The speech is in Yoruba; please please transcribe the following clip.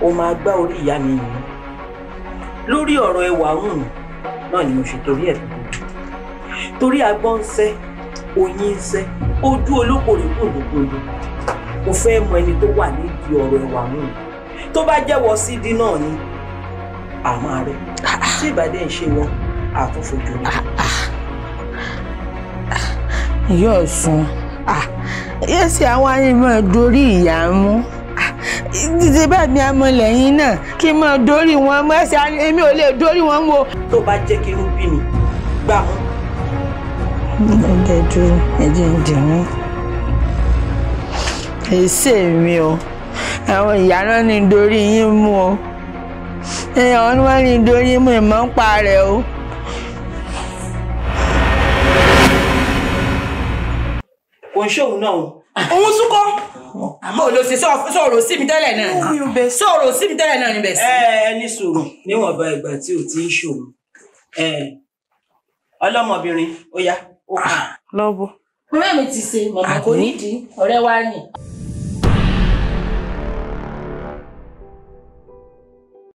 o máa gbá orí ìyá mi yìí lórí ọ̀rọ̀ ẹwà ọ̀hún náà ni mo ṣe torí ẹ̀ gbogbo torí agbọ́n ń sẹ́ oyin ń sẹ́ ojú olóko rẹ̀ kò lókòlò mo fẹ́ mọ ẹni tó wà nídìí ọ̀rọ̀ ẹwà ọ̀hún tó bá jẹ́wọ́ sídìí náà ni àmọ́ rẹ̀ tí ìbàdí ń ṣe wọn àtúnfojú ni. yóò sun ah, yóò àwọn ayé mọ́ dorí ìyá mú ṣe bá mi àmọ́ lẹ́yìn náà kí n máa dórí wọn mọ́ ẹsẹ̀ èmi ò lè dórí wọn wo. tó bá jẹ́ kí inú bí mi gbà wọ́n. nígbà tẹ dúró ẹjẹ ń dì wọn. èsè mi o àwọn ìyá náà dorí yín mú o àwọn ni dorí mú ìmọ̀ ń pa rẹ̀ o. kò ń ṣòun náà òun súnkọ́ àmọ́ ò lọ sí sọ̀rọ̀ sí mi tẹ́lẹ̀ náà sọ̀rọ̀ sí mi tẹ́lẹ̀ náà ni sí. ẹni sòrò níwọ̀nba ìgbà tí ò ti ń ṣòro ọlọ́mọbìnrin ó yá ó kà. lọ́bù. mọ́mọ́ mi ti ṣe màmá kò nídìí ọ̀rẹ́ wa ni.